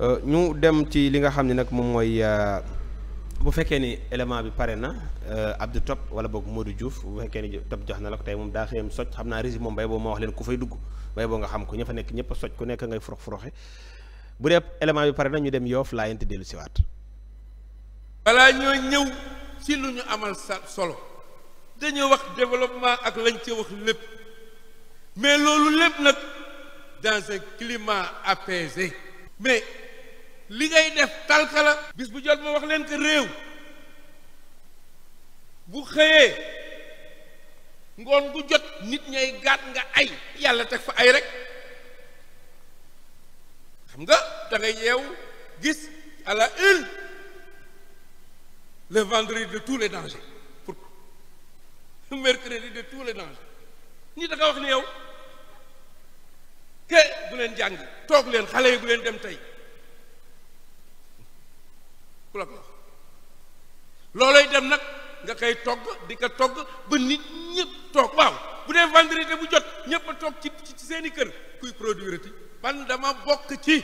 Euh, ñu dem ci li nga xam ne nag moom mooy euh, bu fekkee ni élément bi pare na euh, Abdou Top wala boog Modou Diouf bu fekkee ni Top jox na la ko tey moom daa xëyam soj xam naa régime moom bay boo ma wax leen ku fay dugg bay boo nga xam ko ña fa nekk ñëpp a soj ku nekk ngay forox foroxe bu dee élément bi pare na ñu dem yoof laayante dellu siwaat balaa ñoo ñëw ci lu ñu amal sa solo dañoo wax développement ak lañ ci wax lépp mais loolu lépp nag dans un climat li ngay def talkala bis bu jot ma wax leen ko réew bu xëyee ngoon gu jot nit ñay gaat nga ay yàlla teg fa ay rek xam nga dangay ngay yeew gis à la une le vendredi de tous les dangers pour le mercredi de tous les dangers ñi da nga wax ni yow ke bu leen jàng toog leen xale yi bu leen dem tey ku la ko dem nag nga koy togg di ko togg ba nit ñëpp toog waaw bu dee vendredi bu jot ñëpp a toog ci ci seeni kër kuy produire ti man dama bokk ci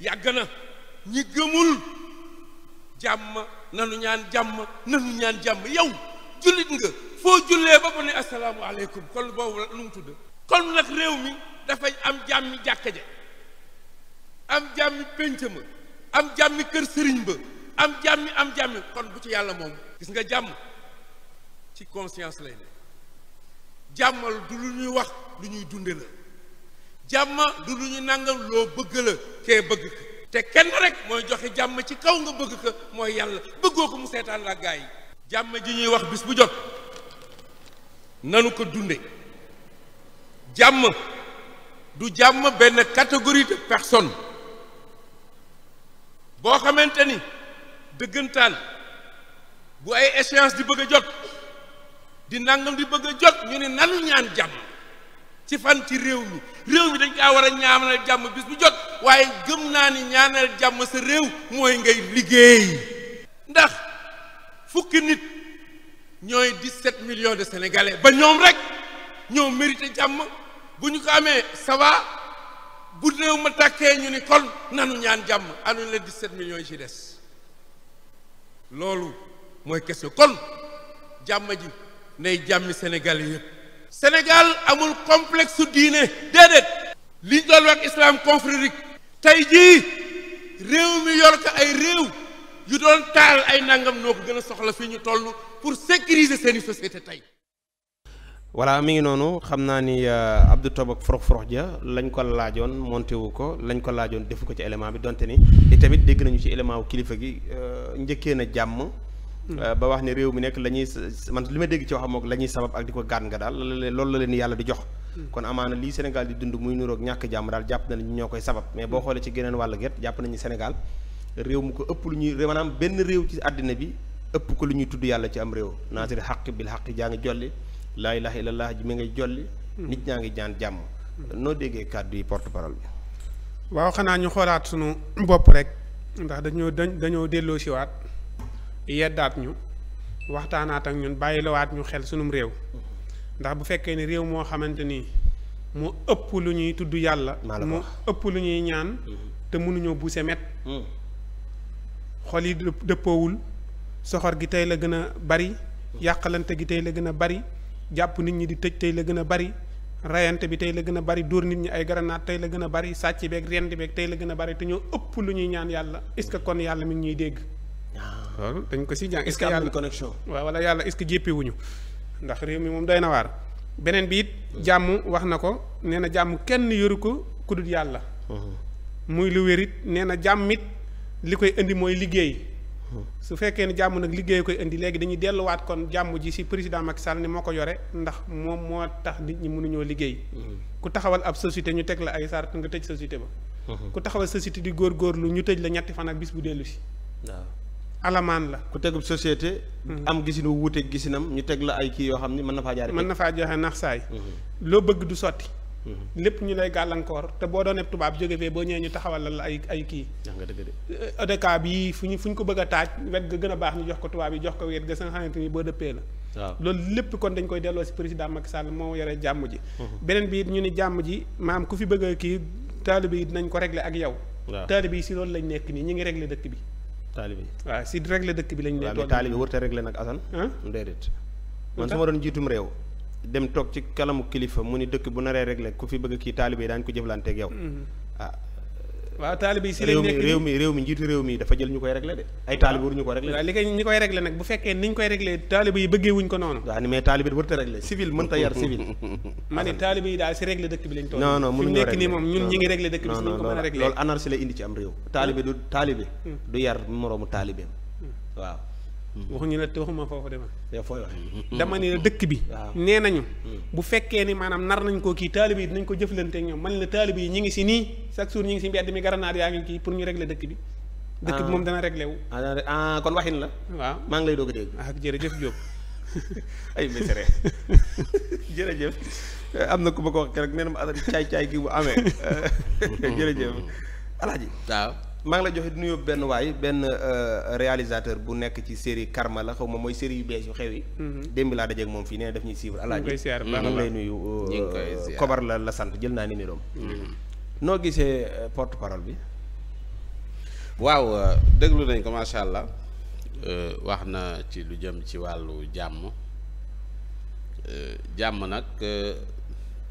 yàgg na ñi gëmul jàmm nanu ñaan jàmm nanu ñaan jàmm yow jullit nga foo jullee ba mu ne assalaamu aleykum kon boobu nu mu tudd kon nag réew mi dafay am jàmmi jàkka am jàmmi pénc ma am jàmmi kër sëriñ ba am jàmmi am jàmmi kon bu ci yàlla moom gis nga jàmm ci conscience lay ne jàmmal du lu ñuy wax lu ñuy dunde la jàmm du lu ñuy nangam loo bëgg la kee bëgg ko te kenn rek mooy joxe jàmm ci kaw nga bëgg ko mooy yàlla bëggoo ko mu seetaan la gaa yi jàmm ji ñuy wax bis bu jot nanu ko dunde jàmm du jàmm benn catégorie de personne boo xamante ni dëggantaan bu ay échéance di bëgg jot di nangam di bëgg a jot ñu ne nanu ñaan jàmm ci fan ci réew mi réew mi dañ kaa war a ñaanal jàmm bis bu jot waaye gëm naa ni ñaanal jàmm sa réew mooy ngay liggéey ndax fukki nit ñooy 17 million de sénégalais ba ñoom rek ñoo mérité jàmm bu ñu ko amee ça va bu néew ma tàkkee ñu ni kon nanu ñaan jàmm anu leen 17 millions yi ci des loolu mooy kese kon jàmm ji nay jàmmi Sénégal yi Sénégal amul complexe diine déedéet li ñu doon wax islam confrérique tey jii réew mi yor ay réew yu doon taal ay nangam noo ko gën a soxla fii ñu toll pour sécuriser seeni société tey voilà mi ngi noonu xam naa ni euh, Abdou Top ak forox ja lañ ko laajoon monté wu ko lañ ko laajoon defu ko ci élément bi donte ni tamit dégg nañu ci élément wu kilifa gi euh, njëkkee na jàmm. Hmm. Euh, ba wax ne réew mi nekk la ñuy man li ma dégg ci wax mook la ñuy sabab ak di ko gaan nga daal loolu la leen yàlla di jox. Hmm. kon amaana lii Sénégal di dund muy nuroog ñàkk jàmm daal jàpp na ñoo koy sabab mais boo hmm. xoolee ci geneen wàll gët jàpp nañu Sénégal réew mu ko ëpp lu ñuy maanaam benn réew ci àddina bi ëpp ko lu ñuy tudd yàlla ci am réew naasiri xaq bil xaq jaa ngi jolli laa ilaha illallah ji mi ngay jolli nit ñaa ngi jaan jàmm noo déggee kàddu yi porte parole bi waaw xanaa ñu xoolaat sunu bopp ndax dañoo dañ dañoo delloo waat yeddaat ñu waxtaanaat ak ñun bàyyilawaat ñu xel sunum réew ndax bu fekkee ne réew moo xamante ni mu ëpp lu ñuy tudd yàlla mu ëpp lu ñuy ñaan mm-hmm. te mënuñoo buuse met mm. xol yi dëppoowul soxor gi tey la gën a bari mm. yàqalante gi tey la gën a bari jàpp nit ñi di tëj tey la gën a bari rayante bi tey la gën a bari dóor nit ñi ay garanaat tey la gën a bari sàcc beeg rendi beeg tey la gën a bari te ñoo ëpp lu ñuy ñaan yàlla est ce que kon yàlla mi ñuy dégg. Ah. loolu dañ ko si jàng est ce que yàlla connexion. waaw wala yàlla est ce que jéppiwuñu ndax réew mi moom day na waar. beneen bi it jàmm wax na ko nee na jàmm kenn yoru ko ku yàlla. Mm-hmm. muy lu wér it nee na jàmm it li koy indi mooy liggéey. su fekkee ne jàmm nag liggéey koy indi léegi dañuy delluwaat kon jàmm ji si président Macky Sall ni moo ko yore ndax moom moo tax nit ñi mënuñoo liggéey. Mm-hmm. ku taxawal ab société ñu teg la ay sart nga tëj société ba. Mm-hmm. ku taxawal société di góor góorgóorlu ñu tëj la ñetti fan ak bis bu dellu si. waaw alamaan la. ku tegub société. Mm-hmm. am gisinu wuute gisinam ñu teg la ay kii yoo xam ni mën na faa mën na faa joxe nax saay. loo bëgg du sotti. Mhm. lépp ñu lay gàllankoor te boo doon doonee tubaab jóge fee boo ñëwee ñu taxawalal la ay ay kii. Eh, ODCAV bi fu ñu fu ñu ko bëgg a taaj wet ga gën a baax ñu jox ko tubaab yi jox ko wet ga sa nga xamante ni boo dëppee la. waaw loolu lépp kon dañ koy delloo si président Macky Sall moo yore jàmm ji. Mhm. beneen bi it ñu ni jàmm ji maam ku fi bëgg kii taalibe yi dinañ ko régler ak yow. waaw taalibe yi si loolu lañ nekk nii ñu ngi regle dëkk bi. taalibe yi waaw si régler dëkk bi lañ. nekk tool bi waaw mais taalibe warut a nag Assane. déedéet man su ma doon jiitum réew dem toog ci kalamu kilifa mu ni dëkk bu naree réglé ku fi bëgg kii taalibe yi daañu ko jëflanteeg yow. Mm-hmm. ah. waaw taalibe si réew mi réew mi njiitu réew mi dafa jël ñu koy réglé de. ay taalibe waruñu ko réglé. waaw li bu fekkee ni koy réglé taalibe yi bëggee wuñ ko noonu. waaw mais a réglé civil mënut a yar civil. ma ne taalibe yi daal dëkk bi lañ toll. non non mënuñu moom ñun ñi ngi réglé dëkk bi si ñu ko mën a réglé. la indi ci am réew. taalibe du taalibe mm. du yar moroomu taalibeem mm. waaw Mm-hmm. waxuñu la te waxuma foofu demal. yow fooy waxee. Mm-hmm. dama ne dëkk bi. nee nañu. Mm-hmm. bu fekkee ni maanaam nar nañ koo kii taalibe yi dinañ ko jëflante ñoom man la taalibe yi ñu ngi si nii chaque jour ñu ngi si mbedd mi garanaar yaa ngi kii pour ñu régler dëkk bi. dëkk bi ah. moom dana réglé wu. Ah, ah, kon waxin la. waaw maa ngi lay doog a dégg. jëre jëf Diop. ay misere jërëjëf am na ku ma ko wax keroog nee na ma alal caay caay gi bu amee jërëjëf alaaji waaw. maa ngi la joxe du nuyoo benn waay benn euh, réalisateur bu nekk ci série Karma la xaw ma mooy série yu bees yu xew yi. Mhm. démb laa dajeeg moom fii nee na daf ñuy suivre. alaaji ñu ngi lay nuyu. Euh, kobar la la sant jël naa numéro am. Mhm. noo gisee euh, porte parole bi. waaw déglu nañ ko macha allah wax na ci lu jëm ci wàllu jàmm jàmm nag.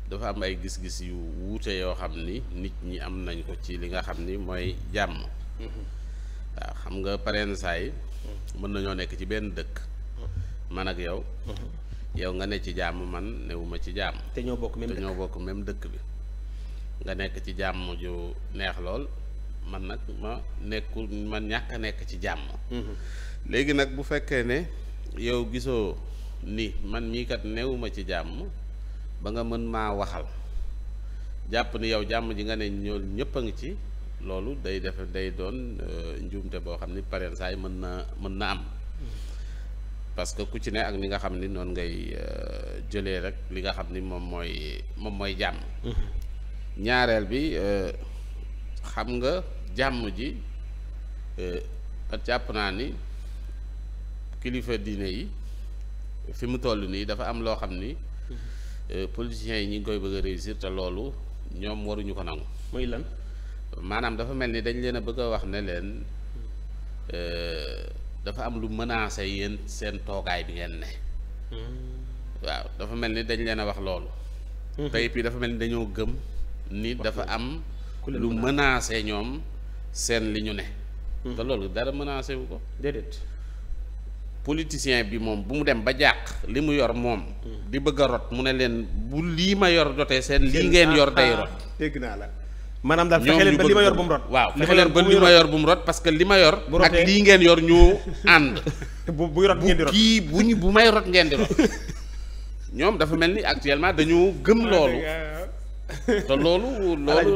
dafa am ay gis-gis yu wuute yoo xam ni nit ñi am nañ ko ci li nga xam ni mooy jàmm waaw xam nga pareen saay mën nañoo nekk ci benn dëkk man ak yow yow nga ne ci jàmm man newuma ci jàmm te ñoo bokk même dëkk bokk même dëkk bi nga nekk ci jàmm ju neex lool man nag ma nekkul ma ñàkk nekk ci jàmm léegi nag bu fekkee ne yow gisoo ni man mii kat newuma ci jàmm ba nga mën maa waxal jàpp ni yow jàmm ji nga ne ñoo ñëpp a ngi ci loolu day def day doon euh, njuumte boo xam ni pareen saay mën na mën na am parce que ku ci ne ak ni nga xam ni noonu ngay euh, jëlee rek li nga xam ni moom mooy moom mooy jàmm ñaareel bi euh, xam nga jàmm ji jàpp naa ni kilifa diine yi fi mu toll nii dafa am loo xam ni mhm. Euh, politiciens yi ñu ngi koy bëgg a réussir te loolu ñoom waruñu ko nangu. mooy lan. maanaam dafa mel ni dañ leen a bëgg a wax ne leen euh, dafa am lu menacé yéen seen toogaay bi ngeen ne. Hmm. waaw dafa mel ni dañ leen a wax loolu. Hmm. tey puis dafa mel ni dañoo gëm. ni dafa am lu menacé ñoom seen li ñu ne. Hmm. te loolu dara menacé wu ko politicien bi moom bu mu dem ba jàq li mu yor moom. di bëgg rot mu ne leen bu lii ma yor jotee seen. lii ngeen yor ah, day ah, rot. dégg naa la maanaam daal fexe leen ba mu rot. waaw fexe leen ba li ma yor bu mu rot que li ma yor. ak lii ngeen yor ñu ànd. bu buy rot ngeen di rot bu kii bu ñu bu may rot ngeen di rot ñoom dafa mel ni actuellement dañu gëm ah, loolu. te loolu. loolu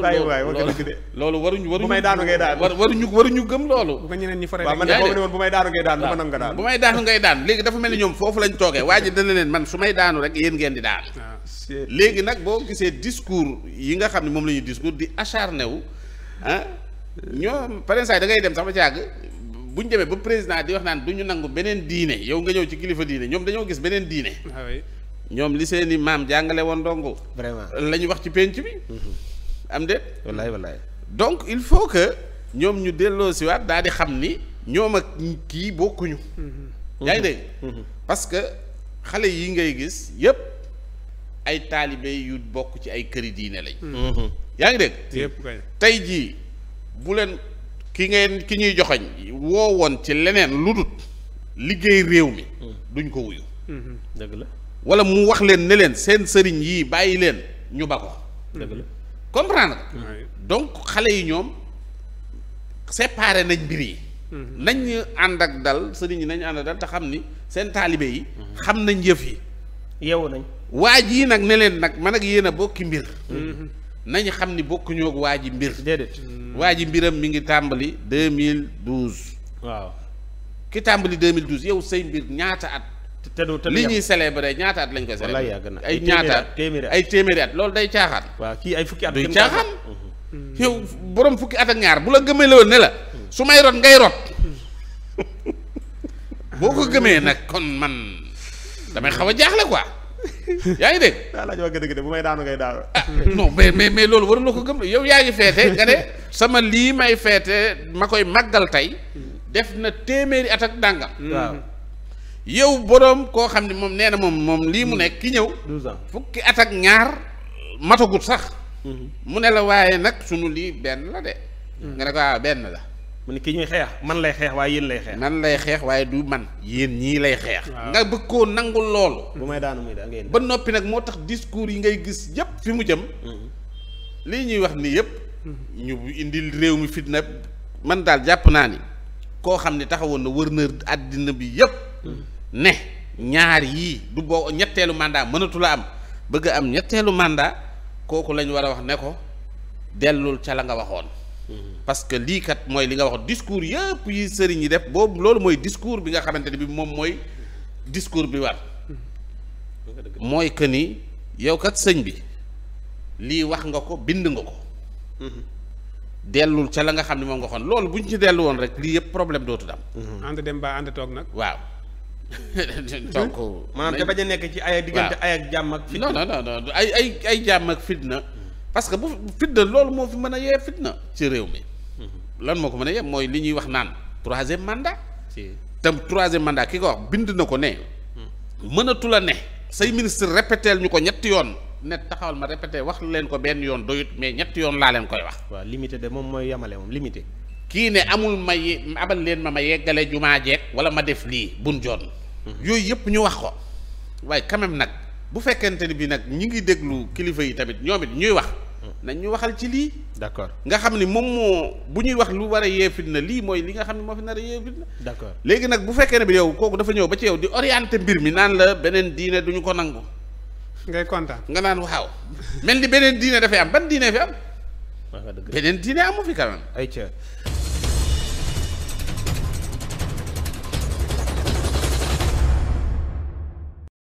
loolu waruñu waruñu. bu may gëm loolu. bu ko ñeneen ñi faral man de woon bu may daanu ngay daan du ma nangu daan. bu may daanu ngay daan léegi dafa mel ni ñoom foofu lañ toogee waa ji dana leen man su may daanu rek yéen ngeen di daan. Ah, léegi nag boo gisee discours yi nga xam ne moom la ñuy discours di acharné wu ah ñoom parrainage da ngay dem sax ba ci àgg bu ñu demee ba président di wax naan duñu ñu nangu beneen diine yow nga ñëw ci kilifa diine ñoom dañoo gis beneen diine ah ñoom li seeni maam jàngale woon dongo vraiment la ñu wax ci pénc bi. Mm-hmm. am déet. wallaay wallaay donc il faut que ñoom ñu delloosiwaat daal di xam ni ñoom ak kii bokkuñu. Mm-hmm. yaa ngi dégg. Mm-hmm. parce que xale yi ngay gis yépp ay taalibe yu bokk ci ay këri diine lañ. yaa ngi dégg. tey jii buleen leen ki ngeen ki ñuy joxoñ woo woon ci leneen lu dul liggéey réew mi. Mm. duñ ko wuyu. dëgg la. wala mu wax leen ne leen seen sëriñ yii bàyyi leen ñu ba ko comprendre donc xale yi ñoom séparé nañ mbir yi mhm. nañ ànd ak dal sëriñ yi nañ ànd ak dal te xam ni seen taalibe yi mhm. xam nañ yëf yi yow nañ waa jii nag ne leen nag man ak yéen a bokki mbir mhm. nañ xam ni bokkuñoo ak waa ji mbir déedéet waa mbiram mi ngi tàmbali 2012 waaw ki tàmbali 2012 yow say mbir ñaata at te li ñuy célébrer ñaataat lañ ko célébrer yàgg na ay ñaataat ay téeméeri at loolu day caaxaan waaw kii ay fukki at du caaxaan mm-hmm. yow borom fukki at ak ñaar bu la gëmee la woon ne la su may rot ngay rot boo ko gëmee nag kon man damay xaw a jaaxle ko yaa ngi dégg. waaw laaj wax dëgg de bu may daanu ngay daanu. ah non mais mais mais loolu waruloo ko gëm yow yaa ngi feete nga ne sama lii may feete ma koy màggal tey def na téeméeri at ak dàngam. yow boroom koo xam ne moom nee na moom moom lii mu hmm. nekk ki ñëw. 12 ans fukki at ak ñaar matagul sax. Hmm. mu ne la waaye nag sunu lii benn la de. Hmm. nga ne ah, benn la. mu ne ñuy xeex man lay xeex waaye yéen lay xeex. man lay xeex waaye du man. yéen ñii lay xeex. nga bëgg loolu. bu may daanu muy daan ba noppi nag moo tax discours yi ngay gis yëpp fi mu jëm. lii ñuy wax nii yëpp. ñu réew mi fitna man daal jàpp naa ni. koo xam ne taxawoon na wër na àddina bi yëpp. ne ñaar yii du boo ñetteelu mandat mënatu la am bëgg am ñetteelu mandat kooku lañ war a wax ne ko dellul ca la nga waxoon mm-hmm. parce que lii kat mooy li nga wax discours yëpp yi sëriñ yi def boobu loolu mooy discours bi nga xamante ne bi moom mooy discours bi war mm-hmm. mooy que ni yow sëñ bi lii wax nga ko bind nga ko mm-hmm. dellul ca la nga xam ni moom nga xoon loolu bu ñu ci dellu woon rek lii yëpp problème dootu dam ànd dem ba ànd toog nag waaw donc maanaam te bañ a nekk ci ay diggante ay ak jàmm ak fitna non non non ay que bu fitna loolu moo fi mën a yee fitna ci réew mi lan moo ko mën a yee mooy li ñuy wax naan troisième mandat te troisième mandat ki ko wax bind na ko ne mënatu la ne say ministre répéteel ñu ko ñetti yoon ne taxawal ma répété wax leen ko benn yoon doyut mais ñetti yoon laa leen koy wax waaw limité de moom mooy yamale moom limité kii ne amul may abal leen ma ma yeggale jumaa jeeg wala ma def lii bun joon yooyu yëpp ñu wax ko waaye quand nag bu fekkente ni bi nag ñi ngi déglu kilifa yi tamit ñoom it ñuy wax nañ ñu waxal ci lii. d'accord nga xam ni moom moo bu ñuy wax lu war a yee fitna lii mooy li nga xam ne moo fi nar a yee fitna. d'accord léegi nag bu fekkee ne bi yow kooku dafa ñëw ba ci yow di orienté mbir mi naan la beneen diine duñu ko nangu. ngay kontaan nga naan waaw mel ni beneen diine dafay am ban diine fi am. beneen diine amu fi quand